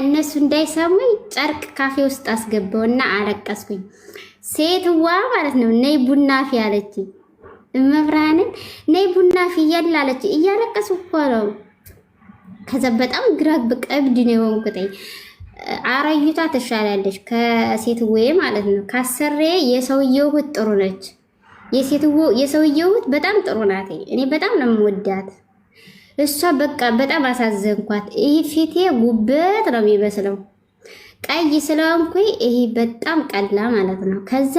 እነሱ እንዳይሰሙኝ ጨርቅ ካፌ ውስጥ አስገባውና አለቀስኩኝ። ሴትዋ ማለት ነው ነይ ቡና ፊ አለች። መብርሃንን ነይ ቡና ፊ እያል አለች። እያለቀሱ እኮ ነው። ከዛ በጣም ግራ ቀብድ ነው የሆንኩትኝ። አረዩታ ትሻላለች ከሴትዌ ማለት ነው። ካሰሬ የሰውየው እህት ጥሩ ነች። የሴትዌ የሰውየው እህት በጣም ጥሩ ናት። እኔ በጣም ነው የምወዳት። እሷ በቃ በጣም አሳዘንኳት። ይሄ ፊቴ ጉበት ነው የሚመስለው ቀይ ስለሆንኩ ይሄ በጣም ቀላ ማለት ነው። ከዛ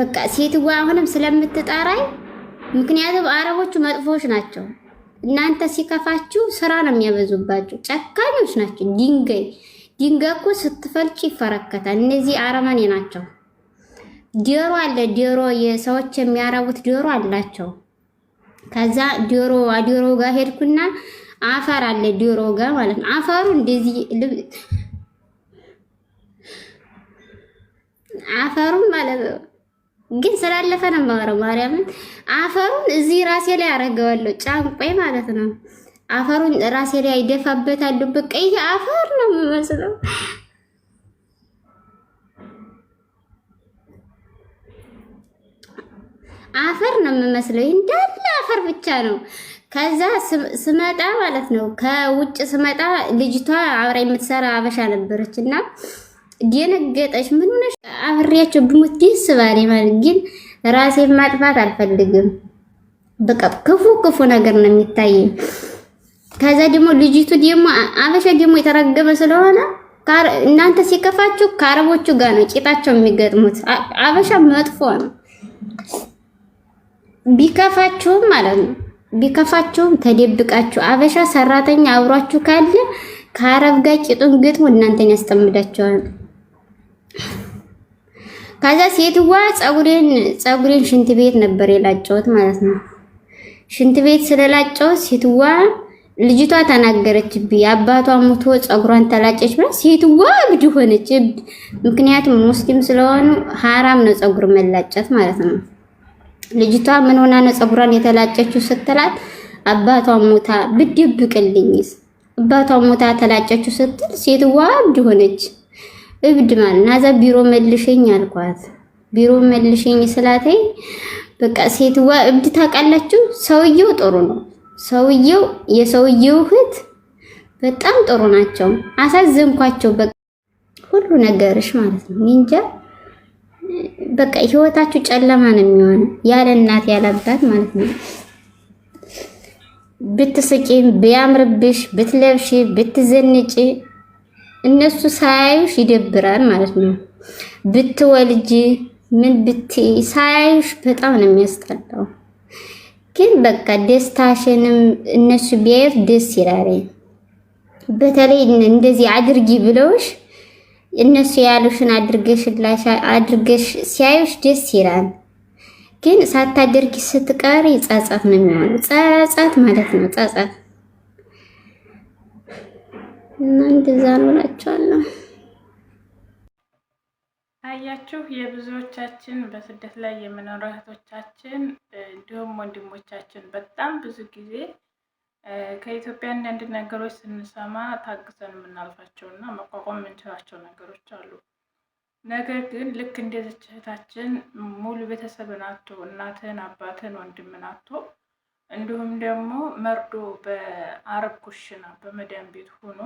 በቃ ሴትዋ አሁንም ስለምትጠራኝ፣ ምክንያቱም አረቦቹ መጥፎች ናቸው። እናንተ ሲከፋችሁ ስራ ነው የሚያበዙባችሁ። ጨካኞች ናቸው። ድንጋይ ድንጋይ እኮ ስትፈልጭ ይፈረከታል። እነዚህ አረመኔ ናቸው። ዶሮ አለ ዶሮ፣ የሰዎች የሚያረቡት ዶሮ አላቸው። ከዛ ዶሮ ዶሮ ጋር ሄድኩና አፈር አለ ዶሮ ጋር ማለት ነው። አፈሩ እንደዚህ አፈሩን ማለት ነው ግን ስላለፈ ነው የማወራው። ማርያምን አፈሩን እዚህ ራሴ ላይ አደርገዋለሁ፣ ጫንቆይ ማለት ነው። አፈሩን ራሴ ላይ ይደፋበታል። በቃ ይሄ አፈር ነው የሚመስለው። አፈር ነው የምመስለው። እንዳለ አፈር ብቻ ነው። ከዛ ስመጣ ማለት ነው ከውጭ ስመጣ ልጅቷ አብራ የምትሰራ አበሻ ነበረች እና ደነገጠች። ምን ሆነሽ? አብሬያቸው ብሞት ደስ ባለኝ ማለት ግን ራሴን ማጥፋት አልፈልግም። በቃ ክፉ ክፉ ነገር ነው የሚታይ። ከዛ ደግሞ ልጅቱ ደግሞ አበሻ ደግሞ የተረገመ ስለሆነ እናንተ ሲከፋችሁ ከአረቦቹ ጋር ነው ቂጣቸው የሚገጥሙት። አበሻ መጥፎ ነው። ቢከፋችሁም ማለት ነው ቢከፋችሁም ተደብቃችሁ አበሻ ሰራተኛ አብሯችሁ ካለ ከአረብ ጋር ቂጡን ግጥሙ እናንተን ያስጠምዳቸዋል። ከዛ ሴትዋ ፀጉሬን ፀጉሬን ሽንት ቤት ነበር የላጨሁት ማለት ነው። ሽንት ቤት ስለላጨሁት ሴትዋ ልጅቷ ተናገረችብኝ። አባቷ ሙቶ ፀጉሯን ተላጨች ብላ ሴትዋ እብድ ሆነች። እብድ ምክንያቱም ሙስሊም ስለሆኑ ሀራም ነው ፀጉር መላጨት ማለት ነው። ልጅቷ ምን ሆና ነው ፀጉሯን የተላጨችው ስትላት አባቷ ሞታ ብደብቅልኝስ? አባቷ ሞታ ተላጨችው ስትል ሴትዋ እብድ ሆነች። እብድ ማለት ናዛ ቢሮ መልሽኝ አልኳት። ቢሮ መልሽኝ ስላተኝ በቃ ሴትዋ እብድ ታውቃላችሁ። ሰውየው ጥሩ ነው። ሰውየው የሰውየው እህት በጣም ጥሩ ናቸው። አሳዘንኳቸው። በቃ ሁሉ ነገርሽ ማለት ነው። እንጃ በቃ ህይወታችሁ ጨለማ ነው የሚሆነው፣ ያለ እናት ያለ አባት ማለት ነው። ብትስቂም ቢያምርብሽ፣ ብትለብሽ ብትዘንጪ እነሱ ሳያዩሽ ይደብራል ማለት ነው። ብትወልጅ ምን ብትይ ሳያዩሽ በጣም ነው የሚያስጠላው። ግን በቃ ደስታሽንም እነሱ ቢያዩት ደስ ይላል። በተለይ እንደዚህ አድርጊ ብለውሽ እነሱ ያሉሽን አድርገሽ አድርገሽ ሲያዩሽ ደስ ይላል። ግን ሳታደርጊ ስትቀሪ ጸጸት ነው የሚሆነው። ጸጸት ማለት ነው ጸጸት እና እንደዛ ነው እላቸዋለሁ። አያችሁ የብዙዎቻችን በስደት ላይ የምንኖር እህቶቻችን እንዲሁም ወንድሞቻችን በጣም ብዙ ጊዜ ከኢትዮጵያ አንዳንድ ነገሮች ስንሰማ ታግሰን የምናልፋቸው እና መቋቋም የምንችላቸው ነገሮች አሉ። ነገር ግን ልክ እንደዚች እህታችን ሙሉ ቤተሰብን አቶ እናትን፣ አባትን፣ ወንድምን አቶ እንዲሁም ደግሞ መርዶ በአረብ ኩሽና በመዳን ቤት ሆኖ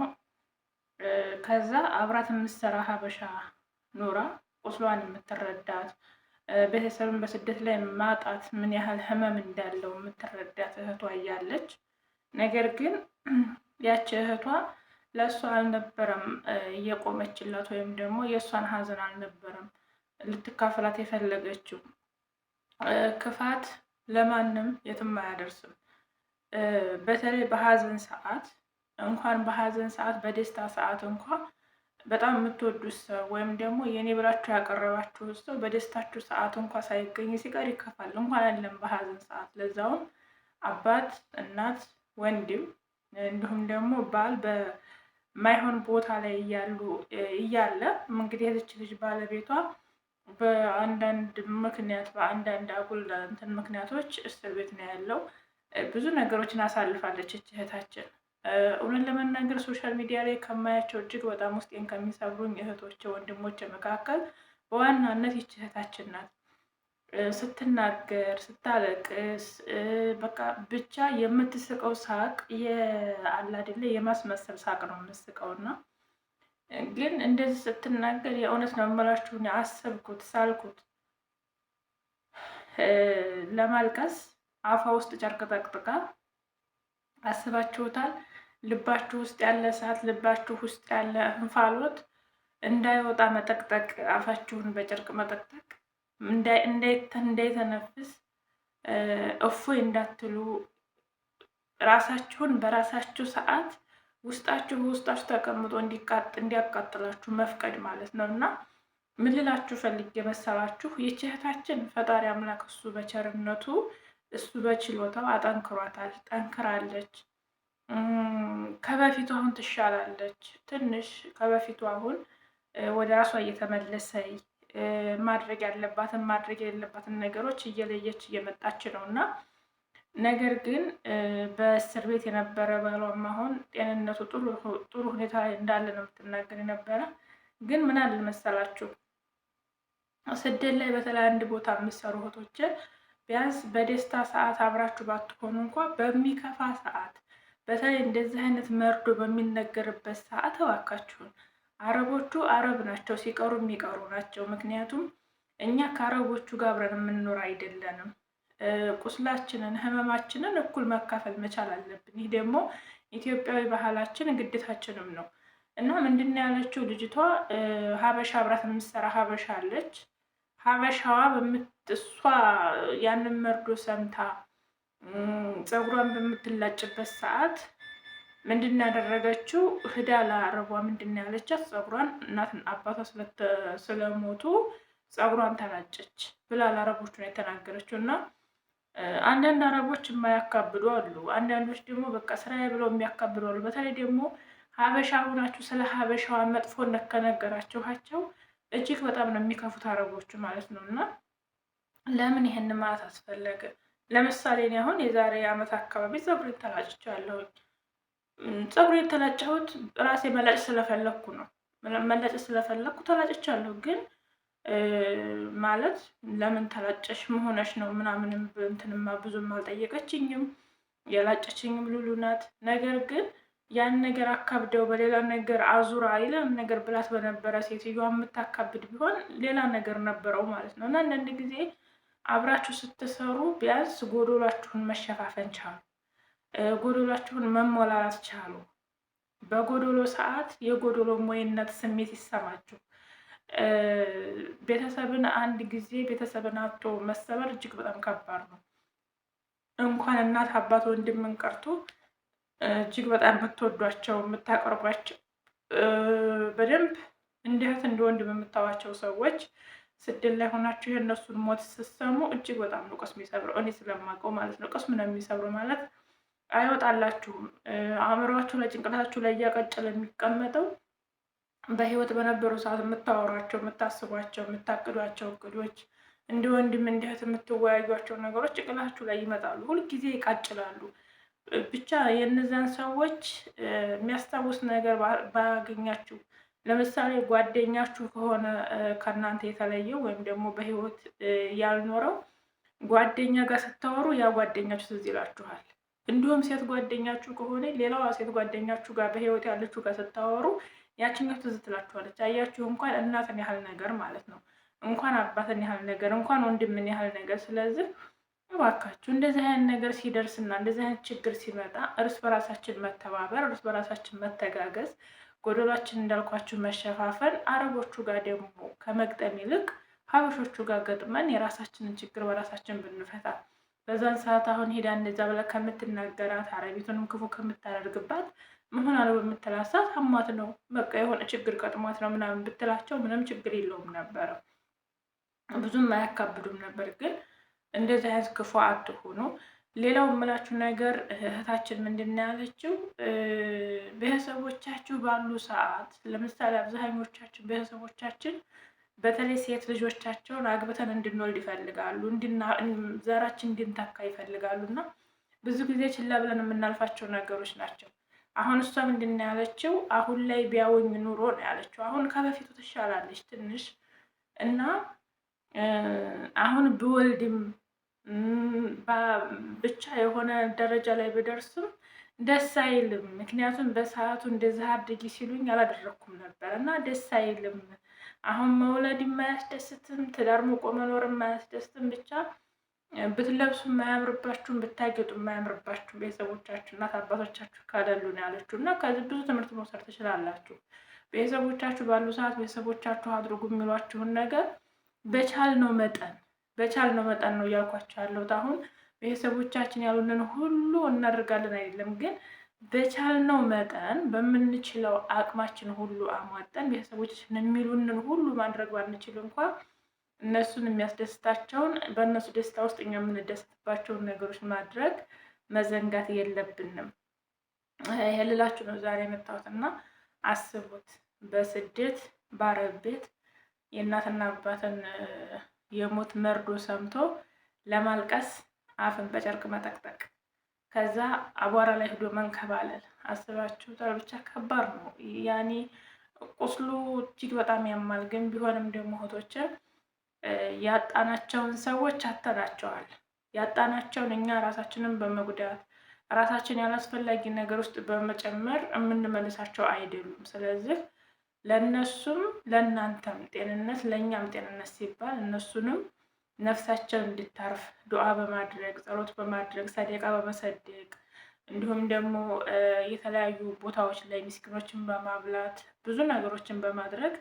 ከዛ አብራት የምትሰራ ሀበሻ ኖራ ቁስሏን የምትረዳት ቤተሰብን በስደት ላይ ማጣት ምን ያህል ህመም እንዳለው የምትረዳት እህቷ እያለች ነገር ግን ያቺ እህቷ ለእሷ አልነበረም እየቆመችላት ወይም ደግሞ የእሷን ሀዘን አልነበረም ልትካፈላት የፈለገችው። ክፋት ለማንም የትም አያደርስም። በተለይ በሀዘን ሰዓት እንኳን በሀዘን ሰዓት በደስታ ሰዓት እንኳ በጣም የምትወዱት ሰው ወይም ደግሞ የኔ ብላችሁ ያቀረባችሁ ሰው በደስታችሁ ሰዓት እንኳ ሳይገኝ ሲቀር ይከፋል። እንኳን ያለን በሀዘን ሰዓት ለዛውም አባት እናት ወንድም እንዲሁም ደግሞ ባል በማይሆን ቦታ ላይ እያሉ እያለ እንግዲህ የዚች ልጅ ባለቤቷ በአንዳንድ ምክንያት በአንዳንድ አጉል እንትን ምክንያቶች እስር ቤት ነው ያለው። ብዙ ነገሮችን አሳልፋለች እህታችን። እውነት ለመናገር ሶሻል ሚዲያ ላይ ከማያቸው እጅግ በጣም ውስጤን ከሚሰብሩኝ እህቶች፣ ወንድሞች መካከል በዋናነት ይች እህታችን ናት። ስትናገር፣ ስታለቅስ በቃ ብቻ የምትስቀው ሳቅ የአላድለ የማስመሰል ሳቅ ነው የምትስቀው እና ግን እንደዚህ ስትናገር የእውነት ነው የምላችሁን አሰብኩት፣ ሳልኩት ለማልቀስ አፋ ውስጥ ጨርቅ ጠቅጥቃ አስባችሁታል። ልባችሁ ውስጥ ያለ እሳት፣ ልባችሁ ውስጥ ያለ እንፋሎት እንዳይወጣ መጠቅጠቅ፣ አፋችሁን በጨርቅ መጠቅጠቅ እንዳይተነፍስ እፎይ እንዳትሉ ራሳችሁን በራሳችሁ ሰዓት ውስጣችሁ ውስጣችሁ ተቀምጦ እንዲያቃጥላችሁ መፍቀድ ማለት ነው። እና ምልላችሁ ፈልግ ፈልጌ መሰላችሁ የእህታችን ፈጣሪ አምላክ እሱ በቸርነቱ እሱ በችሎታው አጠንክሯታል፣ ጠንክራለች። ከበፊቱ አሁን ትሻላለች። ትንሽ ከበፊቱ አሁን ወደ ራሷ እየተመለሰ ማድረግ ያለባትን ማድረግ የሌለባትን ነገሮች እየለየች እየመጣች ነው እና ነገር ግን በእስር ቤት የነበረ ባሏም አሁን ጤንነቱ ጥሩ ሁኔታ እንዳለ ነው የምትናገር የነበረ። ግን ምን አለ መሰላችሁ ስደት ላይ በተለይ አንድ ቦታ የምሰሩ እህቶች ቢያንስ በደስታ ሰዓት አብራችሁ ባትሆኑ እንኳ በሚከፋ ሰዓት፣ በተለይ እንደዚህ አይነት መርዶ በሚነገርበት ሰዓት እባካችሁን አረቦቹ አረብ ናቸው ሲቀሩ የሚቀሩ ናቸው። ምክንያቱም እኛ ከአረቦቹ ጋር አብረን የምንኖር አይደለንም። ቁስላችንን፣ ህመማችንን እኩል መካፈል መቻል አለብን። ይህ ደግሞ ኢትዮጵያዊ ባህላችን ግዴታችንም ነው እና ምንድን ያለችው ልጅቷ ሀበሻ አብራት የምትሰራ ሀበሻ አለች። ሀበሻዋ እሷ ያንን መርዶ ሰምታ ፀጉሯን በምትላጭበት ሰዓት ምንድን ያደረገችው ህዳ ለአረቧ ምንድን ያለቻት ጸጉሯን እናት አባቷ ስለሞቱ ጸጉሯን ተላጨች ብላ ለአረቦቹ ነው የተናገረችው። እና አንዳንድ አረቦች የማያካብዱ አሉ፣ አንዳንዶች ደግሞ በቃ ስራዬ ብለው የሚያካብዱ አሉ። በተለይ ደግሞ ሀበሻ ሆናችሁ ስለ ሀበሻዋ መጥፎነት ከነገራችኋቸው እጅግ በጣም ነው የሚከፉት አረቦቹ ማለት ነው። እና ለምን ይህን ማለት አስፈለገ? ለምሳሌ እኔ አሁን የዛሬ አመት አካባቢ ጸጉሬን ተላጭቻለሁኝ ፀጉር የተላጨሁት ራሴ መላጭ ስለፈለግኩ ነው። መላጭ ስለፈለግኩ ተላጭቻለሁ። ግን ማለት ለምን ተላጨሽ መሆነሽ ነው ምናምንም እንትንማ ብዙም አልጠየቀችኝም። የላጨችኝም ሉሉ ናት። ነገር ግን ያን ነገር አካብደው በሌላ ነገር አዙራ የለም ነገር ብላት በነበረ ሴትዮዋ የምታካብድ ቢሆን ሌላ ነገር ነበረው ማለት ነው። እና አንዳንድ ጊዜ አብራችሁ ስትሰሩ ቢያንስ ጎዶሏችሁን መሸፋፈን ቻሉ። ጎዶሏቸውን መሞላት ቻሉ። በጎዶሎ ሰዓት የጎዶሎ ሞይነት ስሜት ይሰማችሁ። ቤተሰብን አንድ ጊዜ ቤተሰብን አቶ መሰበር እጅግ በጣም ከባድ ነው። እንኳን እናት አባት፣ ወንድምን ቀርቶ እጅግ በጣም የምትወዷቸው የምታቀርቧቸው በደንብ እንዲህት እንደወንድ እንደ ወንድም የምታዋቸው ሰዎች ስድል ላይ ሆናችሁ የእነሱን ሞት ስትሰሙ እጅግ በጣም ነው ቅስም የሚሰብረው። እኔ ስለማውቀው ማለት ነው። ቅስም ነው የሚሰብረው ማለት አይወጣላችሁም። አእምሯችሁ ላይ ጭንቅላታችሁ ላይ እያቀጨለ የሚቀመጠው በህይወት በነበሩ ሰዓት የምታወሯቸው፣ የምታስቧቸው፣ የምታቅዷቸው እቅዶች እንደ ወንድም እንዲህት የምትወያዩቸው ነገሮች ጭንቅላታችሁ ላይ ይመጣሉ። ሁልጊዜ ይቃጭላሉ። ብቻ የእነዚያን ሰዎች የሚያስታውስ ነገር ባያገኛችሁ፣ ለምሳሌ ጓደኛችሁ ከሆነ ከእናንተ የተለየው ወይም ደግሞ በህይወት ያልኖረው ጓደኛ ጋር ስታወሩ ያ ጓደኛችሁ ትዝ ይላችኋል። እንዲሁም ሴት ጓደኛችሁ ከሆነ ሌላዋ ሴት ጓደኛችሁ ጋር በህይወት ያለችው ጋር ስታወሩ ያችኛው ትዝ ትላችኋለች። አያችሁ እንኳን እናትን ያህል ነገር ማለት ነው፣ እንኳን አባትን ያህል ነገር፣ እንኳን ወንድምን ያህል ነገር። ስለዚህ እባካችሁ እንደዚህ አይነት ነገር ሲደርስና እንደዚህ አይነት ችግር ሲመጣ እርስ በራሳችን መተባበር፣ እርስ በራሳችን መተጋገዝ፣ ጎደሏችን እንዳልኳችሁ መሸፋፈን፣ አረቦቹ ጋር ደግሞ ከመግጠም ይልቅ ሀበሾቹ ጋር ገጥመን የራሳችንን ችግር በራሳችን ብንፈታ በዛን ሰዓት አሁን ሄዳ እንደዛ ብላ ከምትናገራት አረቢቱንም ክፉ ከምታደርግባት መሆን አለው በምትላት ሰዓት አሟት ነው በቃ የሆነ ችግር ቀጥሟት ነው ምናምን ብትላቸው ምንም ችግር የለውም ነበረ። ብዙም አያካብዱም ነበር። ግን እንደዚህ አይነት ክፉ አትሆኑ። ሌላው የምላችሁ ነገር እህታችን ምንድን ያለችው ቤተሰቦቻችሁ ባሉ ሰዓት ለምሳሌ አብዛኞቻችን ቤተሰቦቻችን በተለይ ሴት ልጆቻቸውን አግብተን እንድንወልድ ይፈልጋሉ፣ ዘራችን እንድንተካ ይፈልጋሉ። እና ብዙ ጊዜ ችላ ብለን የምናልፋቸው ነገሮች ናቸው። አሁን እሷ ምንድን ነው ያለችው? አሁን ላይ ቢያወኝ ኑሮ ነው ያለችው። አሁን ከበፊቱ ትሻላለች ትንሽ እና አሁን ብወልድም ብቻ የሆነ ደረጃ ላይ ብደርስም ደስ አይልም። ምክንያቱም በሰዓቱ እንደዚህ አድርጊ ሲሉኝ አላደረግኩም ነበር እና ደስ አይልም አሁን መውለድ የማያስደስትም ትዳር ሞቆ መኖር የማያስደስትም ብቻ ብትለብሱ የማያምርባችሁም ብታጌጡ የማያምርባችሁ ቤተሰቦቻችሁ እናት አባቶቻችሁ ካለሉ ነው ያለችው እና ከዚህ ብዙ ትምህርት መውሰድ ትችላላችሁ። ቤተሰቦቻችሁ ባሉ ሰዓት ቤተሰቦቻችሁ አድርጉ የሚሏችሁን ነገር በቻል ነው መጠን በቻል ነው መጠን ነው እያልኳቸው ያለሁት። አሁን ቤተሰቦቻችን ያሉንን ሁሉ እናደርጋለን አይደለም ግን በቻልነው መጠን በምንችለው አቅማችን ሁሉ አሟጠን ቤተሰቦቻችን የሚሉንን ሁሉ ማድረግ ባንችል እንኳ እነሱን የሚያስደስታቸውን በእነሱ ደስታ ውስጥ እኛ የምንደሰትባቸውን ነገሮች ማድረግ መዘንጋት የለብንም። ይሄ ነው ዛሬ የመጣሁትና አስቡት፣ በስደት በአረብ ቤት የእናትና አባትን የሞት መርዶ ሰምቶ ለማልቀስ አፍን በጨርቅ መጠቅጠቅ ከዛ አቧራ ላይ ሄዶ መንከባለል ጠር ብቻ ከባድ ነው ያኔ ቁስሉ እጅግ በጣም ያማል። ግን ቢሆንም ደግሞ እህቶችን ያጣናቸውን ሰዎች አተናቸዋል። ያጣናቸውን እኛ ራሳችንን በመጉዳት ራሳችን ያላስፈላጊ ነገር ውስጥ በመጨመር የምንመልሳቸው አይደሉም። ስለዚህ ለእነሱም ለእናንተም ጤንነት ለእኛም ጤንነት ሲባል እነሱንም ነፍሳቸው እንድታርፍ ዱዓ በማድረግ ጸሎት በማድረግ ሰደቃ በመሰደቅ እንዲሁም ደግሞ የተለያዩ ቦታዎች ላይ ምስኪኖችን በማብላት ብዙ ነገሮችን በማድረግ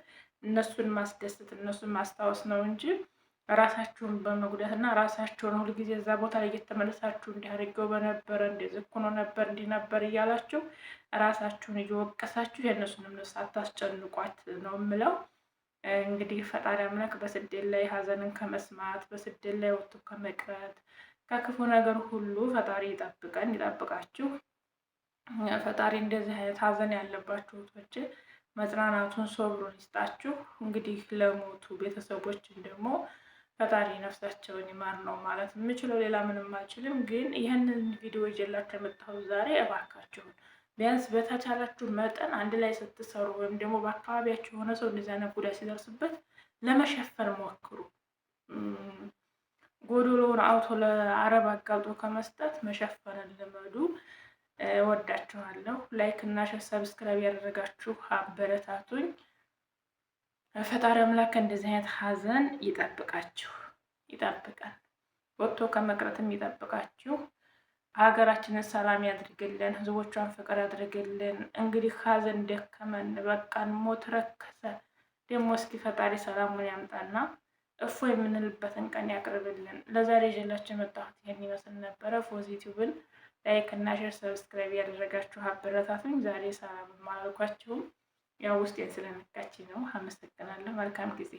እነሱን ማስደሰት እነሱን ማስታወስ ነው እንጂ ራሳችሁን በመጉዳት እና ራሳችሁን ሁልጊዜ እዛ ቦታ ላይ እየተመለሳችሁ እንዲያደርገው በነበረ እንደዚህ ነበር እንዲህ ነበር እያላችሁ ራሳችሁን እየወቀሳችሁ የእነሱንም ነፍስ አታስጨንቋት ነው የምለው። እንግዲህ ፈጣሪ አምላክ በስደት ላይ ሀዘንን ከመስማት በስደት ላይ ወጥቶ ከመቅረት ከክፉ ነገር ሁሉ ፈጣሪ ይጠብቀን ይጠብቃችሁ። ፈጣሪ እንደዚህ አይነት ሀዘን ያለባችሁ እህቶች መጽናናቱን ሶብሩን ይስጣችሁ። እንግዲህ ለሞቱ ቤተሰቦችን ደግሞ ፈጣሪ ነፍሳቸውን ይማር ነው ማለት የምችለው ሌላ ምንም አልችልም። ግን ይህንን ቪዲዮ ይዤላችሁ የመጣሁት ዛሬ እባካችሁን ቢያንስ በተቻላችሁ መጠን አንድ ላይ ስትሰሩ ወይም ደግሞ በአካባቢያችሁ የሆነ ሰው እንደዚህ አይነት ሲደርስበት ለመሸፈን ሞክሩ። ጎዶሎውን አውቶ ለአረብ አጋልጦ ከመስጠት መሸፈንን ልመዱ። ወዳችኋለሁ። ላይክ እና ሸር፣ ሰብስክራይብ ያደረጋችሁ አበረታቱኝ። ፈጣሪ አምላክ እንደዚህ አይነት ሀዘን ይጠብቃችሁ ይጠብቃል። ወጥቶ ከመቅረትም ይጠብቃችሁ። ሀገራችንን ሰላም ያድርግልን፣ ህዝቦቿን ፍቅር ያድርግልን። እንግዲህ ሀዘን ደከመን፣ በቃን፣ ሞት ረከሰ። ደግሞ እስኪ ፈጣሪ ሰላሙን ያምጣና እፎ የምንልበትን ቀን ያቅርብልን። ለዛሬ ይዤላችሁ የመጣሁት ይህን ይመስል ነበረ። ፖዚቲቭን ላይክ እና ሼር ሰብስክራይብ ያደረጋችሁ አበረታቱኝ። ዛሬ ሰላም አላልኳችሁም፣ ያው ውስጤን ስለነካችኝ ነው። አመሰግናለሁ። መልካም ጊዜ